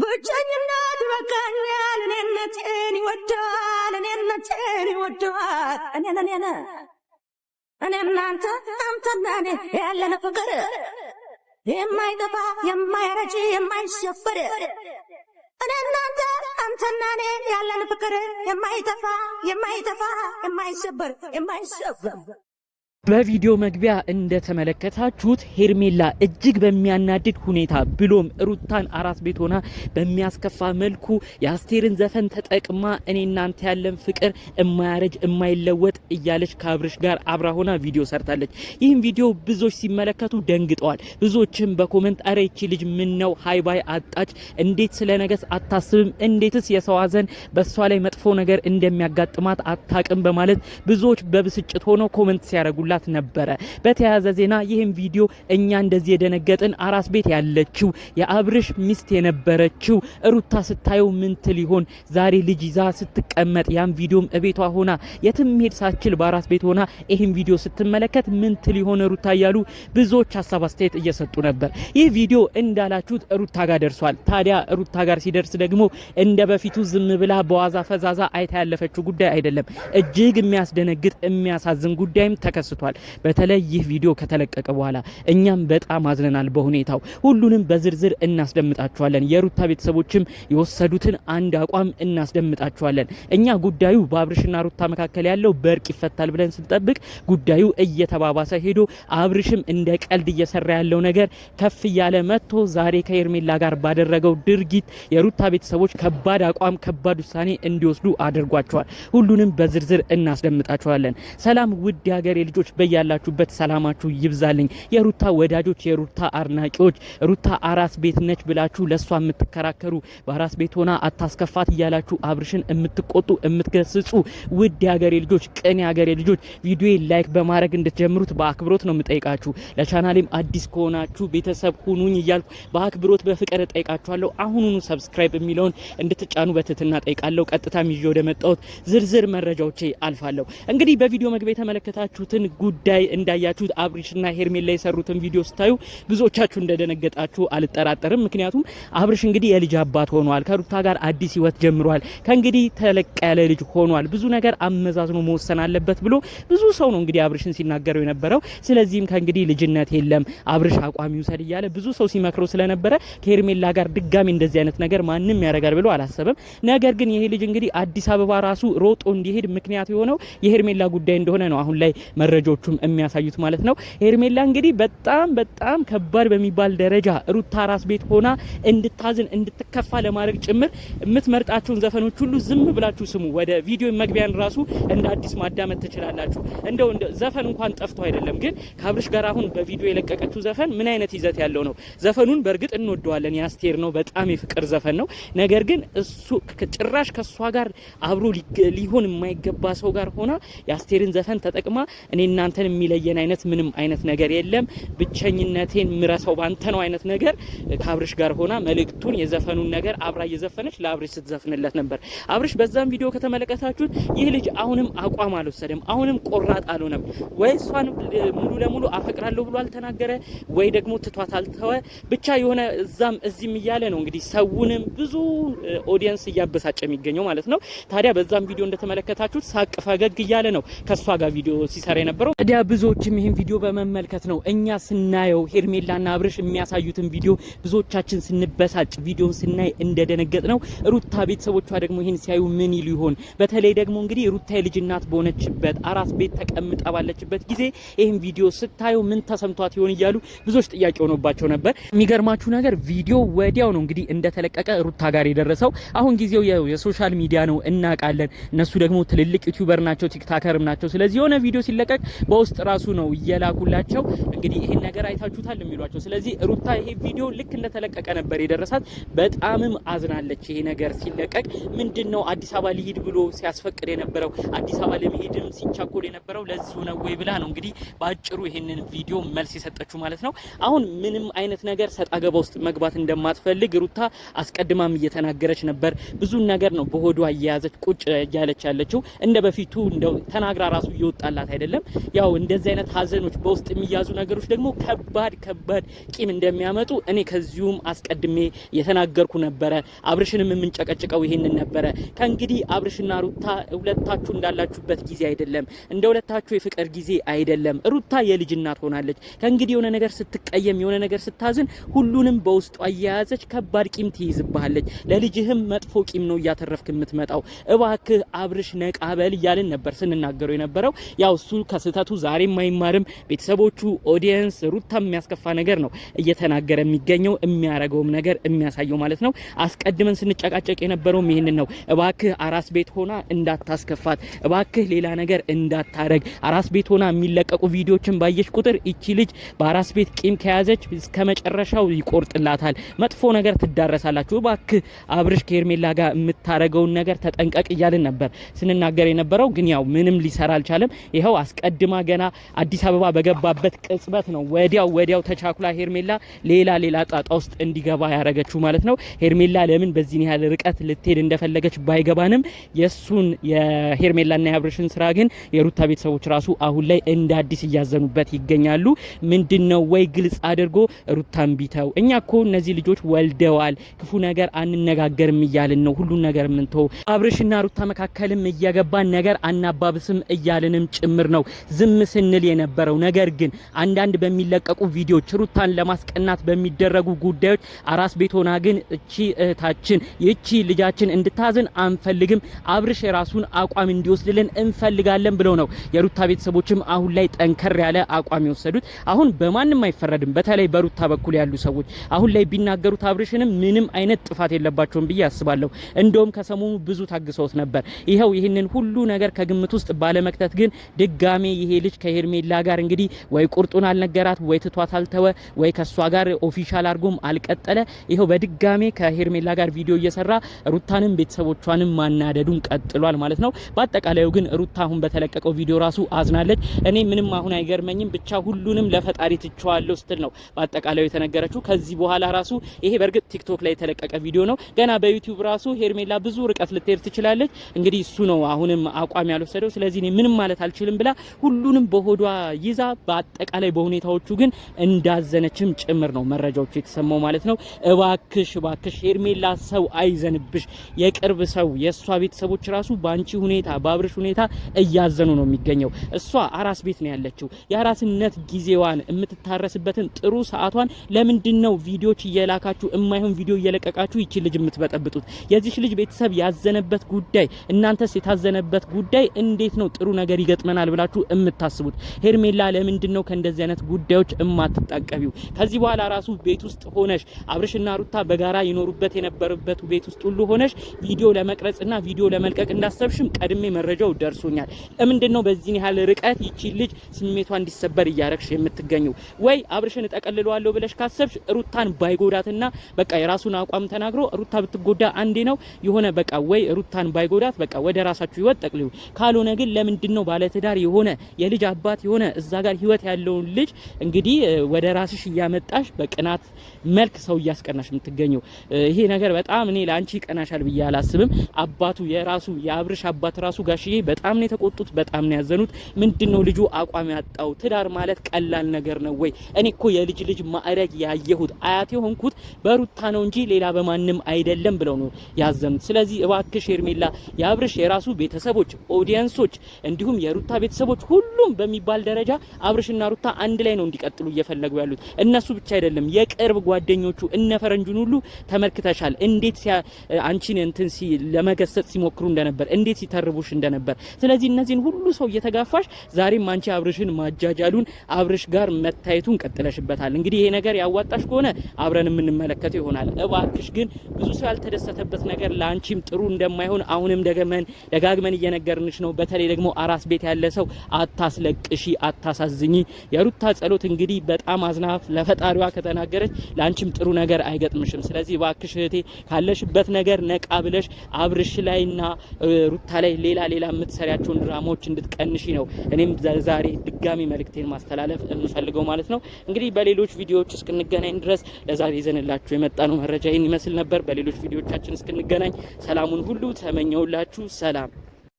ብቸኝነት ይበቃኛል። እኔነቴን ይወደዋል። እኔነቴን ይወደዋል። እኔን እኔን እኔ እናንተ አንተና እኔ ያለን ፍቅር የማይጠፋ የማይረጭ የማይሰፈር እኔ እናንተ አንተና እኔ ያለን ፍቅር የማይጠፋ የማይጠፋ የማይሰበር የማይሰበር በቪዲዮ መግቢያ እንደተመለከታችሁት ሄርሜላ እጅግ በሚያናድድ ሁኔታ ብሎም ሩታን አራስ ቤት ሆና በሚያስከፋ መልኩ የአስቴርን ዘፈን ተጠቅማ እኔ እናንተ ያለን ፍቅር እማያረጅ እማይለወጥ እያለች ከአብርሽ ጋር አብራ ሆና ቪዲዮ ሰርታለች። ይህም ቪዲዮ ብዙዎች ሲመለከቱ ደንግጠዋል። ብዙዎችም በኮመንት አረ ይቺ ልጅ ምን ነው ሀይባይ አጣች? እንዴት ስለ ነገስ አታስብም? እንዴትስ የሰው ሀዘን በእሷ ላይ መጥፎ ነገር እንደሚያጋጥማት አታቅም? በማለት ብዙዎች በብስጭት ሆነው ኮመንት ሲያደርጉላት ጉዳት ነበረ። በተያያዘ ዜና ይህም ቪዲዮ እኛ እንደዚህ የደነገጥን አራስ ቤት ያለችው የአብርሽ ሚስት የነበረችው ሩታ ስታየው ምን ትል ይሆን? ዛሬ ልጅ ይዛ ስትቀመጥ ያም ቪዲዮም እቤቷ ሆና የትም ሄድ ሳችል በአራስ ቤት ሆና ይህም ቪዲዮ ስትመለከት ምን ትል ይሆን ሩታ እያሉ ብዙዎች ሀሳብ አስተያየት እየሰጡ ነበር። ይህ ቪዲዮ እንዳላችሁት ሩታ ጋር ደርሷል። ታዲያ ሩታ ጋር ሲደርስ ደግሞ እንደ በፊቱ ዝም ብላ በዋዛ ፈዛዛ አይታ ያለፈችው ጉዳይ አይደለም። እጅግ የሚያስደነግጥ የሚያሳዝን ጉዳይም ተከስቷል። ተመልክቷል። በተለይ ይህ ቪዲዮ ከተለቀቀ በኋላ እኛም በጣም አዝነናል በሁኔታው። ሁሉንም በዝርዝር እናስደምጣችኋለን። የሩታ ቤተሰቦችም የወሰዱትን አንድ አቋም እናስደምጣችኋለን። እኛ ጉዳዩ በአብርሽና ሩታ መካከል ያለው በእርቅ ይፈታል ብለን ስንጠብቅ ጉዳዩ እየተባባሰ ሄዶ አብርሽም እንደ ቀልድ እየሰራ ያለው ነገር ከፍ እያለ መጥቶ ዛሬ ከኤርሜላ ጋር ባደረገው ድርጊት የሩታ ቤተሰቦች ከባድ አቋም ከባድ ውሳኔ እንዲወስዱ አድርጓቸዋል። ሁሉንም በዝርዝር እናስደምጣቸዋለን። ሰላም ውድ የሀገሬ ልጆች ወዳጆች በያላችሁበት ሰላማችሁ ይብዛልኝ። የሩታ ወዳጆች፣ የሩታ አድናቂዎች ሩታ አራስ ቤት ነች ብላችሁ ለእሷ የምትከራከሩ በአራስ ቤት ሆና አታስከፋት እያላችሁ አብርሽን የምትቆጡ የምትገስጹ ውድ የሀገሬ ልጆች፣ ቅን የሀገሬ ልጆች ቪዲዮ ላይክ በማድረግ እንድትጀምሩት በአክብሮት ነው የምጠይቃችሁ። ለቻናሌም አዲስ ከሆናችሁ ቤተሰብ ሁኑኝ እያልኩ በአክብሮት በፍቅር እጠይቃችኋለሁ። አሁኑኑ ሰብስክራይብ የሚለውን እንድትጫኑ በትህትና ጠይቃለሁ ቀጥታ ይዤ ወደ መጣሁት ዝርዝር መረጃዎቼ አልፋለሁ። እንግዲህ በቪዲዮ መግቢያ የተመለከታችሁትን ጉዳይ እንዳያችሁት አብሪሽና ሄርሜላ የሰሩትን ቪዲዮ ስታዩ ብዙዎቻችሁ እንደደነገጣችሁ አልጠራጠርም። ምክንያቱም አብሪሽ እንግዲህ የልጅ አባት ሆኗል። ከሩታ ጋር አዲስ ህይወት ጀምሯል። ከእንግዲህ ተለቅ ያለ ልጅ ሆኗል። ብዙ ነገር አመዛዝኖ መወሰን አለበት ብሎ ብዙ ሰው ነው እንግዲህ አብሪሽን ሲናገረው የነበረው። ስለዚህም ከእንግዲህ ልጅነት የለም አብሪሽ አቋም ይውሰድ እያለ ብዙ ሰው ሲመክረው ስለነበረ ከሄርሜላ ጋር ድጋሚ እንደዚህ አይነት ነገር ማንም ያደርጋል ብሎ አላሰበም። ነገር ግን ይሄ ልጅ እንግዲህ አዲስ አበባ ራሱ ሮጦ እንዲሄድ ምክንያት የሆነው የሄርሜላ ጉዳይ እንደሆነ ነው አሁን ላይ መረጃ ልጆቹም የሚያሳዩት ማለት ነው። ሄርሜላ እንግዲህ በጣም በጣም ከባድ በሚባል ደረጃ ሩታ ራስ ቤት ሆና እንድታዝን እንድትከፋ ለማድረግ ጭምር የምትመርጣቸውን ዘፈኖች ሁሉ ዝም ብላችሁ ስሙ። ወደ ቪዲዮ መግቢያን ራሱ እንደ አዲስ ማዳመጥ ትችላላችሁ። እንደው ዘፈን እንኳን ጠፍቶ አይደለም፣ ግን ከአብርሽ ጋር አሁን በቪዲዮ የለቀቀችው ዘፈን ምን አይነት ይዘት ያለው ነው? ዘፈኑን በእርግጥ እንወደዋለን፣ የአስቴር ነው፣ በጣም የፍቅር ዘፈን ነው። ነገር ግን እሱ ጭራሽ ከእሷ ጋር አብሮ ሊሆን የማይገባ ሰው ጋር ሆና የአስቴርን ዘፈን ተጠቅማ እኔና እናንተን የሚለየን አይነት ምንም አይነት ነገር የለም። ብቸኝነቴን ምረሰው ባንተ ነው አይነት ነገር ከአብርሽ ጋር ሆና መልእክቱን የዘፈኑን ነገር አብራ እየዘፈነች ለአብርሽ ስትዘፍንለት ነበር። አብርሽ በዛም ቪዲዮ ከተመለከታችሁት ይህ ልጅ አሁንም አቋም አልወሰደም፣ አሁንም ቆራጥ አልሆነም። ወይ እሷን ሙሉ ለሙሉ አፈቅራለሁ ብሎ አልተናገረ፣ ወይ ደግሞ ትቷት አልተወ። ብቻ የሆነ እዛም እዚህም እያለ ነው እንግዲህ ሰውንም ብዙ ኦዲየንስ እያበሳጨ የሚገኘው ማለት ነው። ታዲያ በዛም ቪዲዮ እንደተመለከታችሁት ሳቅ ፈገግ እያለ ነው ከእሷ ጋር ቪዲዮ ሲሰራ የነበረው። የሚኖረው ታዲያ ብዙዎችም ይህን ቪዲዮ በመመልከት ነው እኛ ስናየው ሄርሜላና አብርሽ የሚያሳዩትን ቪዲዮ ብዙዎቻችን ስንበሳጭ ቪዲዮን ስናይ እንደደነገጥ ነው። ሩታ ቤተሰቦቿ ደግሞ ይህን ሲያዩ ምን ይሉ ይሆን? በተለይ ደግሞ እንግዲህ ሩታ የልጅ እናት በሆነችበት አራስ ቤት ተቀምጣ ባለችበት ጊዜ ይህን ቪዲዮ ስታየው ምን ተሰምቷት ይሆን እያሉ ብዙዎች ጥያቄ ሆኖባቸው ነበር። የሚገርማችሁ ነገር ቪዲዮ ወዲያው ነው እንግዲህ እንደተለቀቀ ሩታ ጋር የደረሰው። አሁን ጊዜው የሶሻል ሚዲያ ነው እናውቃለን። እነሱ ደግሞ ትልልቅ ዩቲዩበር ናቸው፣ ቲክታከርም ናቸው። ስለዚህ የሆነ ቪዲዮ ሲለቀቅ በውስጥ ራሱ ነው እየላኩላቸው እንግዲህ ይሄን ነገር አይታችሁታል የሚሏቸው። ስለዚህ ሩታ ይሄ ቪዲዮ ልክ እንደተለቀቀ ነበር የደረሳት። በጣምም አዝናለች። ይሄ ነገር ሲለቀቅ ምንድን ነው አዲስ አበባ ሊሄድ ብሎ ሲያስፈቅድ የነበረው አዲስ አበባ ለመሄድም ሲቻኮል የነበረው ለዚሁ ነው ወይ ብላ ነው እንግዲህ በአጭሩ ይሄንን ቪዲዮ መልስ የሰጠችው ማለት ነው። አሁን ምንም አይነት ነገር ሰጣ ገባ ውስጥ መግባት እንደማትፈልግ ሩታ አስቀድማም እየተናገረች ነበር። ብዙ ነገር ነው በሆዷ እየያዘች ቁጭ እያለች ያለችው። እንደ በፊቱ እንደው ተናግራ ራሱ እየወጣላት አይደለም። ያው እንደዚህ አይነት ሀዘኖች በውስጥ የሚያዙ ነገሮች ደግሞ ከባድ ከባድ ቂም እንደሚያመጡ እኔ ከዚሁም አስቀድሜ የተናገርኩ ነበረ። አብርሽንም የምንጨቀጭቀው ይሄንን ነበረ። ከእንግዲህ አብርሽና ሩታ ሁለታችሁ እንዳላችሁበት ጊዜ አይደለም፣ እንደ ሁለታችሁ የፍቅር ጊዜ አይደለም። ሩታ የልጅ እናት ሆናለች። ከእንግዲህ የሆነ ነገር ስትቀየም፣ የሆነ ነገር ስታዝን፣ ሁሉንም በውስጡ አያያዘች ከባድ ቂም ትይዝብሃለች። ለልጅህም መጥፎ ቂም ነው እያተረፍክ የምትመጣው። እባክህ አብርሽ ነቃበል እያልን ነበር ስንናገረው የነበረው ያው እሱ ከስተ አመታቱ ዛሬም አይማርም። ቤተሰቦቹ፣ ኦዲየንስ ሩታ የሚያስከፋ ነገር ነው እየተናገረ የሚገኘው የሚያረገውም ነገር የሚያሳየው ማለት ነው። አስቀድመን ስንጨቃጨቅ የነበረውም ይህንን ነው። እባክህ አራስ ቤት ሆና እንዳታስከፋት፣ እባክህ ሌላ ነገር እንዳታረግ። አራስ ቤት ሆና የሚለቀቁ ቪዲዮችን ባየች ቁጥር እቺ ልጅ በአራስ ቤት ቂም ከያዘች እስከ መጨረሻው ይቆርጥላታል። መጥፎ ነገር ትዳረሳላችሁ። እባክህ አብርሽ ከኤርሜላ ጋር የምታረገውን ነገር ተጠንቀቅ እያልን ነበር ስንናገር የነበረው ግን ያው ምንም ሊሰራ አልቻለም። ይኸው አስቀድ አስቀድማ ገና አዲስ አበባ በገባበት ቅጽበት ነው ወዲያው ወዲያው ተቻኩላ ሄርሜላ ሌላ ሌላ ጣጣ ውስጥ እንዲገባ ያደረገችው ማለት ነው። ሄርሜላ ለምን በዚህን ያህል ርቀት ልትሄድ እንደፈለገች ባይገባንም የእሱን የሄርሜላና የአብርሽን ስራ ግን የሩታ ቤተሰቦች ራሱ አሁን ላይ እንደ አዲስ እያዘኑበት ይገኛሉ። ምንድን ነው ወይ ግልጽ አድርጎ ሩታን ቢተው እኛ እነዚህ ልጆች ወልደዋል፣ ክፉ ነገር አንነጋገርም እያልን ነው ሁሉን ነገር ምንተው አብርሽና ሩታ መካከልም እየገባን ነገር አናባብስም እያልንም ጭምር ነው ዝም ስንል የነበረው። ነገር ግን አንዳንድ በሚለቀቁ ቪዲዮዎች ሩታን ለማስቀናት በሚደረጉ ጉዳዮች አራስ ቤት ሆና ግን እቺ እህታችን ይቺ ልጃችን እንድታዝን አንፈልግም፣ አብርሽ የራሱን አቋም እንዲወስድልን እንፈልጋለን ብለው ነው የሩታ ቤተሰቦችም አሁን ላይ ጠንከር ያለ አቋም የወሰዱት። አሁን በማንም አይፈረድም። በተለይ በሩታ በኩል ያሉ ሰዎች አሁን ላይ ቢናገሩት አብርሽንም ምንም አይነት ጥፋት የለባቸውም ብዬ አስባለሁ። እንደውም ከሰሞኑ ብዙ ታግሰውት ነበር። ይኸው ይህንን ሁሉ ነገር ከግምት ውስጥ ባለመክተት ግን ድጋሜ ይሄ ልጅ ከሄርሜላ ጋር እንግዲህ ወይ ቁርጡን አልነገራት ወይ ትቷት አልተወ ወይ ከሷ ጋር ኦፊሻል አድርጎም አልቀጠለ። ይኸው በድጋሜ ከሄርሜላ ጋር ቪዲዮ እየሰራ ሩታንም ቤተሰቦቿንም ማናደዱን ቀጥሏል ማለት ነው። በአጠቃላዩ ግን ሩታ አሁን በተለቀቀው ቪዲዮ ራሱ አዝናለች። እኔ ምንም አሁን አይገርመኝም ብቻ ሁሉንም ለፈጣሪ ትቸዋለሁ ስትል ነው በአጠቃላዩ የተነገረችው። ከዚህ በኋላ ራሱ ይሄ በእርግጥ ቲክቶክ ላይ የተለቀቀ ቪዲዮ ነው። ገና በዩቲዩብ ራሱ ሄርሜላ ብዙ ርቀት ልትሄድ ትችላለች። እንግዲህ እሱ ነው አሁንም አቋም ያልወሰደው። ስለዚህ እኔ ምንም ማለት አልችልም ብላ ሁሉንም በሆዷ ይዛ በአጠቃላይ በሁኔታዎቹ ግን እንዳዘነችም ጭምር ነው መረጃዎቹ የተሰማው ማለት ነው። እባክሽ እባክሽ ሄርሜላ ሰው አይዘንብሽ። የቅርብ ሰው የእሷ ቤተሰቦች ራሱ በአንቺ ሁኔታ በአብርሽ ሁኔታ እያዘኑ ነው የሚገኘው። እሷ አራስ ቤት ነው ያለችው። የአራስነት ጊዜዋን የምትታረስበትን ጥሩ ሰዓቷን ለምንድን ነው ቪዲዮች እየላካችሁ የማይሆን ቪዲዮ እየለቀቃችሁ ይቺ ልጅ የምትበጠብጡት? የዚች ልጅ ቤተሰብ ያዘነበት ጉዳይ እናንተስ የታዘነበት ጉዳይ እንዴት ነው ጥሩ ነገር ይገጥመናል ብላችሁ የምታስቡት? ሄርሜላ ለምንድን ነው ከእንደዚህ አይነት ጉዳዮች እማትጠቀቢው? ከዚህ በኋላ ራሱ ቤት ውስጥ ሆነሽ አብርሽና ሩታ በጋራ ይኖሩበት የነበረበት ቤት ውስጥ ሁሉ ሆነሽ ቪዲዮ ለመቅረጽና ቪዲዮ ለመልቀቅ እንዳሰብሽም ቀድሜ መረጃው ደርሶኛል። ለምንድን ነው በዚህ ያህል ርቀት ይቺ ልጅ ስሜቷ እንዲሰበር እያረግሽ የምትገኘው ወይ አብርሽን እጠቀልለዋለሁ ብለሽ ካሰብሽ ሩታን ባይጎዳትና በቃ የራሱን አቋም ተናግሮ ሩታ ብትጎዳ አንዴ ነው የሆነ በቃ ወይ ሩታን ባይጎዳት በቃ ወደ ራሳችሁ ይወጥ ጠቅልዩ። ካልሆነ ግን ለምንድን ነው ባለትዳር የሆነ የልጅ አባት የሆነ እዛ ጋር ህይወት ያለውን ልጅ እንግዲህ ወደ ራስሽ እያመጣሽ በቅናት መልክ ሰው እያስቀናሽ የምትገኘው ይሄ ነገር በጣም እኔ ለአንቺ ይቀናሻል ብዬ አላስብም። አባቱ የራሱ የአብርሽ አባት ራሱ ጋሽዬ በጣም ነው የተቆጡት፣ በጣም ነው ያዘኑት። ምንድን ነው ልጁ አቋም ያጣው? ትዳር ማለት ቀላል ነገር ነው ወይ? እኔ እኮ የልጅ ልጅ ማዕረግ ያየሁት አያቴ ሆንኩት በሩታ ነው እንጂ ሌላ በማንም አይደለም ብለው ነው ያዘኑት። ስለዚህ እባክሽ ሄርሜላ የአብርሽ የራሱ ቤተሰቦች ኦዲየንሶች፣ እንዲሁም የሩታ ቤተሰቦች ሁሉም በሚባል ደረጃ አብርሽና ሩታ አንድ ላይ ነው እንዲቀጥሉ እየፈለጉ ያሉት። እነሱ ብቻ አይደለም የቅርብ ጓደኞቹ እነ ፈረንጁን ሁሉ ተመልክተሻል። እንዴት አንቺን እንትን ለመገሰጥ ሲሞክሩ እንደነበር፣ እንዴት ሲተርቡሽ እንደነበር። ስለዚህ እነዚህን ሁሉ ሰው እየተጋፋሽ ዛሬም አንቺ አብርሽን ማጃጃሉን አብርሽ ጋር መታየቱን ቀጥለሽበታል። እንግዲህ ይሄ ነገር ያዋጣሽ ከሆነ አብረን የምንመለከተው ይሆናል። እባክሽ ግን ብዙ ሰው ያልተደሰተበት ነገር ለአንቺም ጥሩ እንደማይሆን አሁንም ደጋግመን እየነገርንሽ ነው። በተለይ ደግሞ አራስ ቤት ያለ ሰው አታስለቅሺ፣ አታሳዝኝ። የሩታ ጸሎት እንግዲህ በጣም አዝናፍ ለፈጣሪዋ ከተናገረች ለአንቺም ጥሩ ነገር አይገጥምሽም። ስለዚህ እባክሽ እህቴ ካለሽበት ነገር ነቃ ብለሽ አብርሽ ላይና ሩታ ላይ ሌላ ሌላ የምትሰሪያቸውን ድራማዎች እንድትቀንሺ ነው እኔም ዛሬ ድጋሚ መልእክቴን ማስተላለፍ የምፈልገው ማለት ነው። እንግዲህ በሌሎች ቪዲዮዎች እስክንገናኝ ድረስ ለዛሬ ይዘንላችሁ የመጣነው መረጃ ይህን ይመስል ነበር። በሌሎች ቪዲዮቻችን እስክንገናኝ ሰላሙን ሁሉ ተመኘውላችሁ። ሰላም